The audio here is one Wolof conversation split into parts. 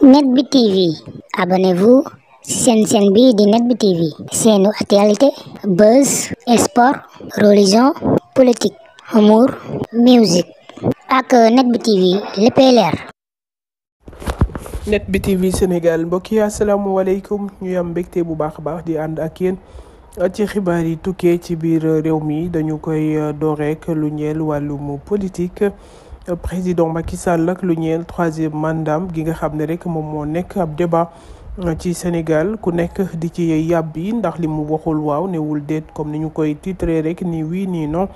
net bi tv abonnez-vous seen seen bi di net bi tv seenu actualité buzz sport religion politique humour musique ak net bi tv léppay leer net bi tv sénégal mbokk yi asalaamualeykum ñu am mbégte bu baax a baax di ànd ak yéen ci xibaar yi tukkee ci biir réew mi dañu koy door rek lu ñeel wàllum politique président Macky Sall ak lu ñeel troisième mandat gi nga xam ne rek moom moo nekk ab débat ci Sénégal ku nekk di ci yàbbi ndax li mu waxul waaw newul déet comme ni ñu koy titré rek ni wii nii non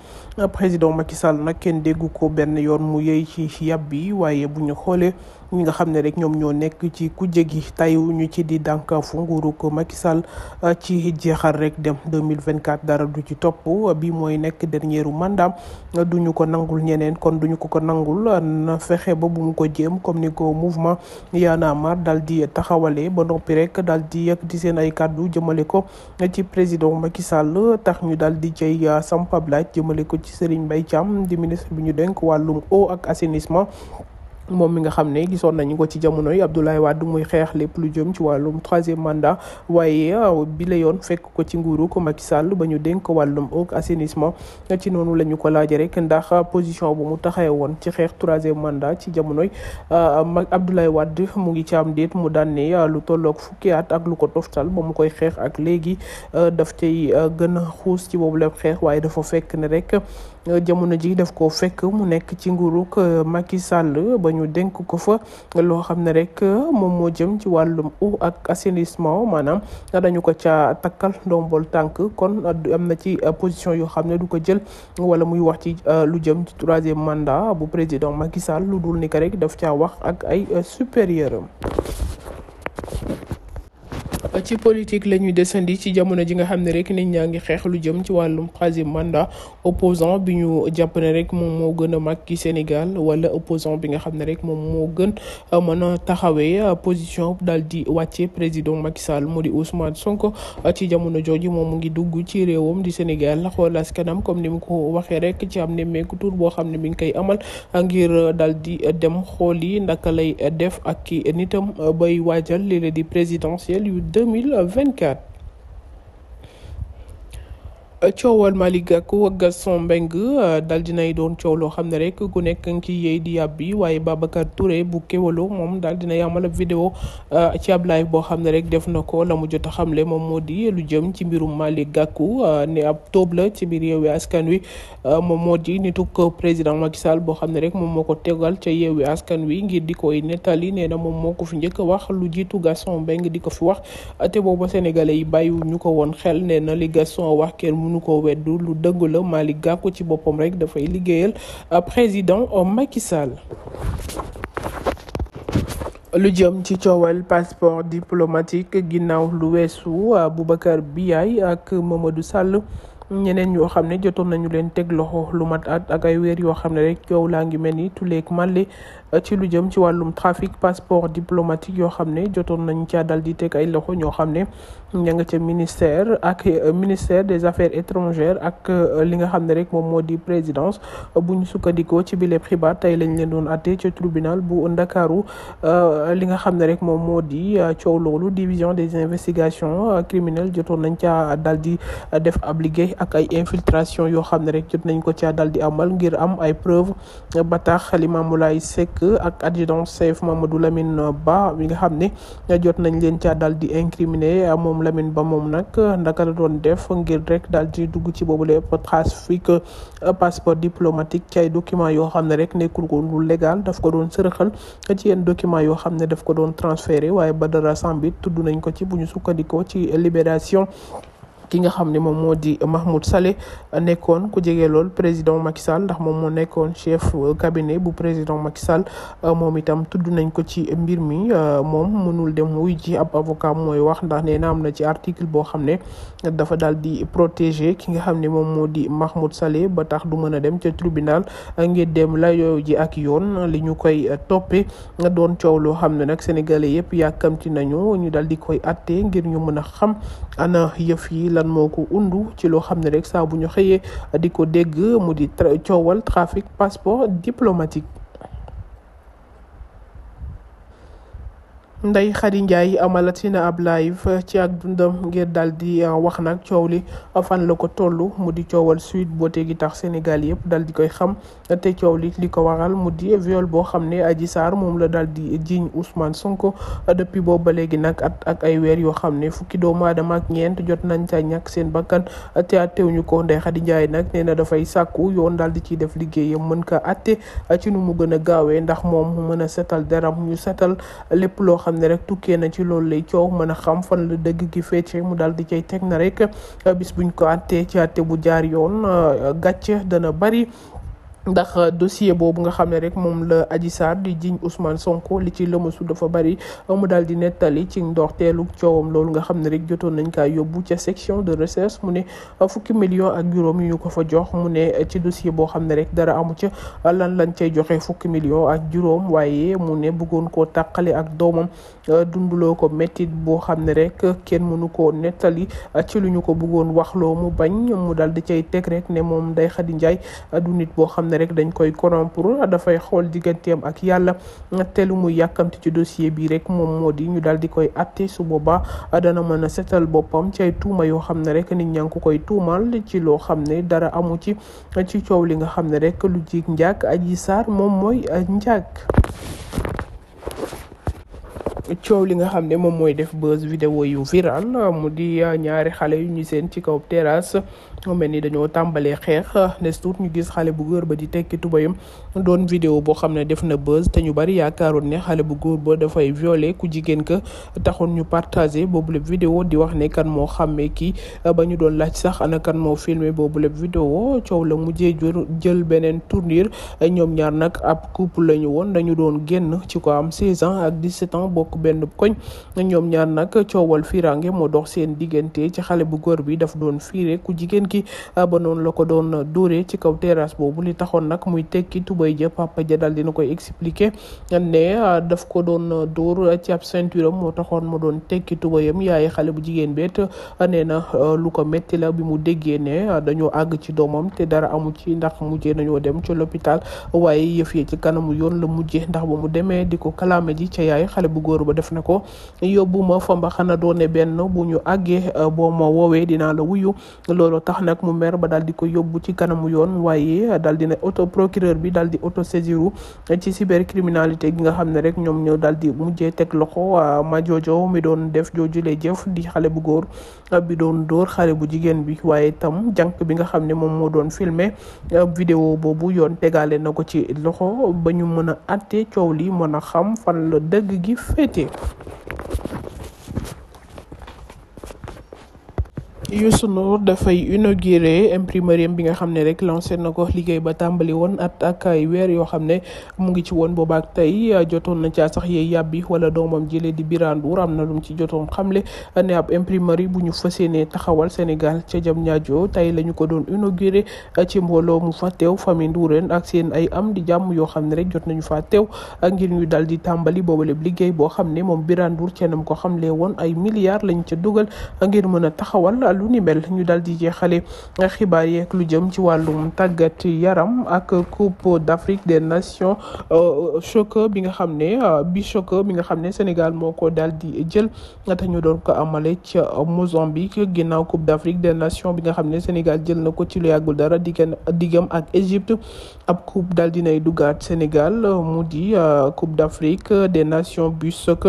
président Macky Sall nag kenn déggu ko benn yoon mu yey ci yàbbi waaye bu ñu xoolee ñi nga xam ne rek ñoom ñoo nekk ci ku kujje gi tayu ñu ci di dànkaafu nguuru ko Macky Sall ah, ci jeexal rek dem 2024 dara du ci topp bi mooy nekk dernier mandat du ñu ko nangul ñeneen kon duñu ko ko nangul na fexe ba bu mu ko jéem comme ni ko mouvement Y'en a marre dal di taxawalee ba noppi rek daal di yëg di seen ay kàddu jëmale ko ci président Macky Sall tax ñu daal di cay ah, sampablaaj jëmale ko ci Serigne Mbaye Thiam di ministre bi ñu dénk wàllum o ak assainissement moom mi nga xam ne gisoon nañu ko ci jamono yi Abdoulaye Wade muy xeex lépp lu jëm ci wàllum troisième mandat waaye euh, bi la yoon fekk ko ci nguuru ko Macky Sall ba ñu dénk wàllum ak assainissement ci noonu la ñu ko laajee rek ndax position bu mu taxawee woon ci xeex troisième mandat ci jamonoy euh, Abdoulaye Wade mu ngi ci am déet mu daan ne euh, lu tolloog fukki at ak lu ko toftal ba mu koy xeex ak léegi daf cay gën a xuus ci boobu la xeex waaye dafa fekk ne rek. jamono ji daf koo fekk mu nekk ci nguuruk euh, Macky Sall ba ñu dénk ko fa loo xam ne rek euh, moom moo jëm ci wàllum eau ak assainissement maanaam dañu ko ca takkal ndombol tànk kon am na ci euh, position yoo xam ne du ko jël wala muy wax ci lu jëm ci troisième mandat bu président Macky Sall lu dul ni ko rek daf caa wax ak ay supérieur am ci politique la ñuy desandi ci jamono ji nga xam ne rek nit ñaa ngi xeex lu jëm ci wàllum troisième mandat opposant bi ñu jàpp ne rek moom moo gën a mag ci Sénégal wala opposant bi nga xam ne rek moom moo gën mën a taxawee position daal di wàcce président Macky Sall mu di Ousmane sonk ci jamono jooju moom mu ngi dugg ci réewam di Sénégal xool kanam comme ni mu ko waxee rek ci am nemmeeku tur boo xam ne mu ngi koy amal ngir dal di dem xool yi ndaka lay def ak ki nitam bay waajal lii di présidentielle yu deux 2024 coowal Malick Gakou ak Gaston Mbengue euh, dal dinay doon coow loo xam ne rek ku nekk nga ciy di yàbbi waaye Babacar Touré bu Kewelo moom daal dina amal ab vidéo euh, ci ab live boo xam ne rek def na ko la mu jot a xamle moom moo di lu jëm ci mbirum Malick Gakou euh, ne ab toob la ci biir Yewwi Askan Wi moom moo di nituk président Macky Sall boo xam ne rek moom moo ko tegal ca Yewwi Askan Wi ngir di koy nettali nee na moom moo ko fi njëkk wax lu jiitu Gaston Mbengue di ko fi wax te booba sénégalais yi bàyyiwu ñu ko woon xel nee na li Gaston wax kenn nu ko weddu lu dëgg la Malick Gakou ci boppam rek dafay liggéeyal euh, président euh, Macky Sall. lu jëm ci coowal passeport diplomatique ginnaaw lu weesu euh, Boubacar Biaye ak Mamadou sàll ñeneen yoo xam ne jotoon nañu leen teg loxo lu mat at ak ay weer yoo xam ne rek coow laa ngi mel ni tuleeg màlle Euh, ci lu jëm ci wàllum trafic passeport diplomatique yoo xam ne jotoon nañ caa dal di teg ay loxo ñoo xam ne ña nga ca ministère ak euh, ministère des affaires étrangères ak euh, li nga xam ne rek moom moo di présidence bu ñu sukkandikoo ci bile xibaar tey lañ leen doon atte ca tribunal bu Ndakaaru li nga xam ne rek moom moo di coow loolu division des investigations criminelles jotoon nañ caa dal di def ab liggéey ak ay infiltration yoo xam ne rek jot nañ ko caa dal di amal ngir am ay preuve bataax Limamou Laye Seck nekk ak adjudant chef Mamadou Lamine Ba mi nga xam ne jot nañ leen caa daal di incriminé moom lamin Ba moom nag ndaka la doon def ngir rek daal di dugg ci boobu lépp trafic passeport diplomatique cay ay document yoo xam ne rek nekkul ko lu légal daf ko doon sërëxal ci yenn document yoo xam ne daf ko doon transféré waaye ba Badara Sambit tudd nañ ko ci bu ñu sukkandikoo ci libération ki nga xam ne moom moo di Mahmoud Saleh nekkoon ku jege lool président Macky Sall ndax moom moo nekkoon chef cabinet bu président Macky Sall moom itam tudd nañ ko ci mbir mi moom mënul dem wuy ji ab avocat mooy wax ndax na am na ci article boo xam ne dafa daal di protéger ki nga xam ne moom moo di Mahmoud Saleh ba tax du mën a dem ca tribunal ngir dem la yooyu ji ak yoon li ñu koy toppe toppee doon coow loo xam ne nag sénégalais yëpp yàkkamti nañu ñu daal di koy atte ngir ñu mën a xam ana yëf yi la moo ko undu ci loo xam ne rek saa bu ñu xëyee di ko dégg mu di coowal trafic passeport diplomatique Ndeye Khady Ndiaye amalati na ab live ci ak dundam ngir daal di eh, wax nag coow li fan la ko toll mu di coowal Sweet Beauté gi tax Sénégal yëpp dal di koy xam te coow li li ko waral mu di viol boo xam ne Adji Sarr moom la daal di jiiñ Ousmane Sonko depuis boobu ba léegi nag at ak ay weer yoo xam ne fukki doomu ak ñeent jot nañ ca ñàkk seen bakkan te ñu ko Ndeye Khady Ndiaye nag nee na dafay sàkku yoon daal di ciy def liggéeyam mën ko àtte ci nu mu gën a gaawee ndax moom mu mën a setal deram ñu setal lépp loo xam xam ne tukkee na ci loolu lay coow mën a xam fan la dëgg gi feccee mu daal di cay teg na rek bu buñ ko àttee ci àtte bu jaar yoon gàcce dana bari ndax dossier boobu nga xam ne rek moom la aji Sarr di jiñ Ousmane Sonko li ci lëmasu dafa bari mu daal di nettali ci ndox teelu coowam loolu nga xam ne rek jotoon nañ kaa yóbbu ca section de recherche mu ne fukki million ak juróom yu ñu ko fa jox mu ne ci dossier boo xam ne rek dara amu ca lan lañ cay joxe fukki million ak juróom waaye mu ne bëggoon koo tàqale ak doomam dunduloo ko méttit boo xam ne rek kenn mënu ko nettali ci lu ñu ko bëggoon waxloo mu bañ mu daal di cay teg rek ne moom Ndeye Khady Ndiaye du boo xam rek dañ koy corrompre dafay xool digganteem ak yàlla te mu yàkkamti ci dossier bi rek moom moo di ñu daal di koy atti su boobaa dana mën a setal boppam ci ay tuuma yoo xam ne rek ni ñaa ko koy tuumal ci loo xam ne dara amu ci ci coow li nga xam ne rek lu jig njaag Adji saar moom mooy njaag coow li nga xam ne moom mooy def buzz vidéo yu viral mu di ñaari xale yu ñu seen ci kaw terrasse mu mel ni dañoo tàmbalee xeex nes tuut ñu gis xale bu góor ba di tekki tubayam doon vidéo boo xam ne def na buzz te ñu bari yaakaaroon ne xale bu góor boo dafay violé ku jigéen ka taxoon ñu partagé boobu lépp vidéo di wax ne kan moo xàmmee kii ba ñu doon laaj sax ana kan moo filmé boobu lépp vidéo coow la mujjee jël beneen tournure ñoom ñaar nag ab couple la woon dañu doon génn ci ko am 16 ans ak 17 ans bokk benn koñ ñoom ñaar nag coowal firange moo dox seen diggante ci xale bu góor bi daf doon fiire ku jigéen gi ba noonu la ko doon dóoree ci kaw terrasse boobu li taxoon nag muy tekki tubay ja papa ja daal dina koy expliquer ne ah, daf ko doon dóor ci ab ceinture am moo taxoon mu doon tekki tubayam yaay xale bu jigéen beet ah, nee na ah, lu ko métti bi mu déggee ne dañoo àgg ci doomam te dara amu ci ndax mujjee nañoo dem ci l'hôpital waaye yëf yi ci kanamu yoon la mujjee ndax ba mu demee di ko kalaame ji ca yaay xale bu góor ba def na ko yóbbu ma fa mba xana doone benn bu ñu àggee boo ma woowee dinaa la wuyu loolu tax nag mu mer ba daal di ko yóbbu ci kanamu yoon waaye daal di ne auto procureur bi daal di auto saisiru ci cybercriminalité gi nga xam ne rek ñoom ñoo daal di mujjee teg loxo ah, ma joojo mi doon def jooju lay jëf di xale bu góor ah, bi doon dóor xale bu jigéen bi waaye tam jànk bi nga xam ne moom moo doon filmer ah, vidéo boobu yoon tegaale na ko ci loxo ba ñu mën a àtte coow li mën a xam fan la dëgg gi féete Youssou Ndour dafay inauguré imprimerie bi nga xam ne rek lancé na ko liggéey ba tàmbali woon a ak ay weer yoo xam ne mu ngi ci woon boobaak tey jotoon na caa sax yee yàbbi wala doomam jëlee di Birane Ndour am na lum ci jotoon xamle ne ab imprimerie bu ñu fas yéenee taxawal Sénégal ca Diamniadio tey la ñu ko doon inauguré ci mbooloo mu fa teew famille Ndourène ak seen ay am di jàmm yoo xam ne rek jot nañu fa teew ngir ñu dal di tàmbali boobu boobaleb liggéey boo xam ne moom Birane Ndour ceenam ko le woon ay milliards lañ ca dugal ngir mën a taxawal lu ñu dal di jeexale xibaar yeeg lu jëm ci wàllum tàggat yaram ak coupe d'Afrique des nations choc euh, bi nga xam ne euh, bi choc bi nga xam ne Sénégal moo ko daal di jël te ñu doon ko amale ci Mozambique ginnaaw coupe d'Afrique des nations bi nga xam ne Sénégal jël na ko ci lu yàggul dara diggante diggam ak Égypte ak coupe daal dinay duggaat Sénégal mu di euh, coupe d'Afrique des nations bu choc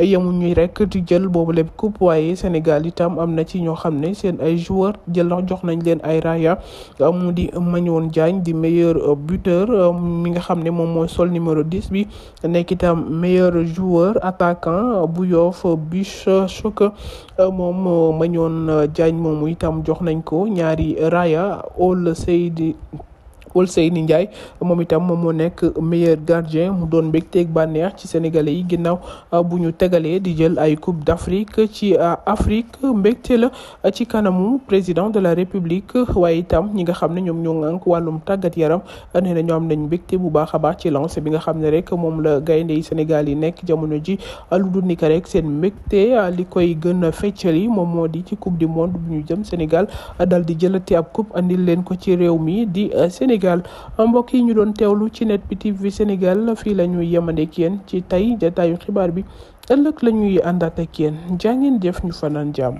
yemuñu rek di jël boobu lépp coupe waaye Sénégal itam am na ci ñoo xam ne seen ay joueur jël jox nañ leen ay raaya euh, mu di Magnon Diagne di meilleur euh, buteur euh, mi nga xam ne moom mooy sol numéro 10 bi nekk itam meilleur joueur attaquant bu Yoff Bichok moom Magnon Diagne moomu itam jox nañ ko ñaari raaya All Seydi Ousseynou Ndiaye moom itam moom moo nekk meilleur gardien mu doon mbégteeg bànneex ci sénégalais yi ginnaaw ah, bu ñu tegalee di jël ay coupe d'Afrique ci ah, Afrique mbégte la ci kanamu président de la république waaye itam ñi nga xam ne ñoom ñoo ŋànk wàllum tàggat yaram nee na ñoo am nañ mbégte bu baax a baax ci lancé bi nga xam ne rek moom la gaynde yi Sénégal yi nekk jamono ji ah, lu dul rek seen mbégte li koy gën a yi moom moo di ci coupe du monde bu ñu jëm Sénégal dal di jëlati ab coupe andil leen ko ci réew mi di Sénégal mbokk yi ñu doon teewlu ci net bi TV Sénégal fii la ñuy yemandeek yéen ci tey jataayu xibaar bi ëllëg la ñuy àndaat ak yéen jaa ñu fanaan jàmm.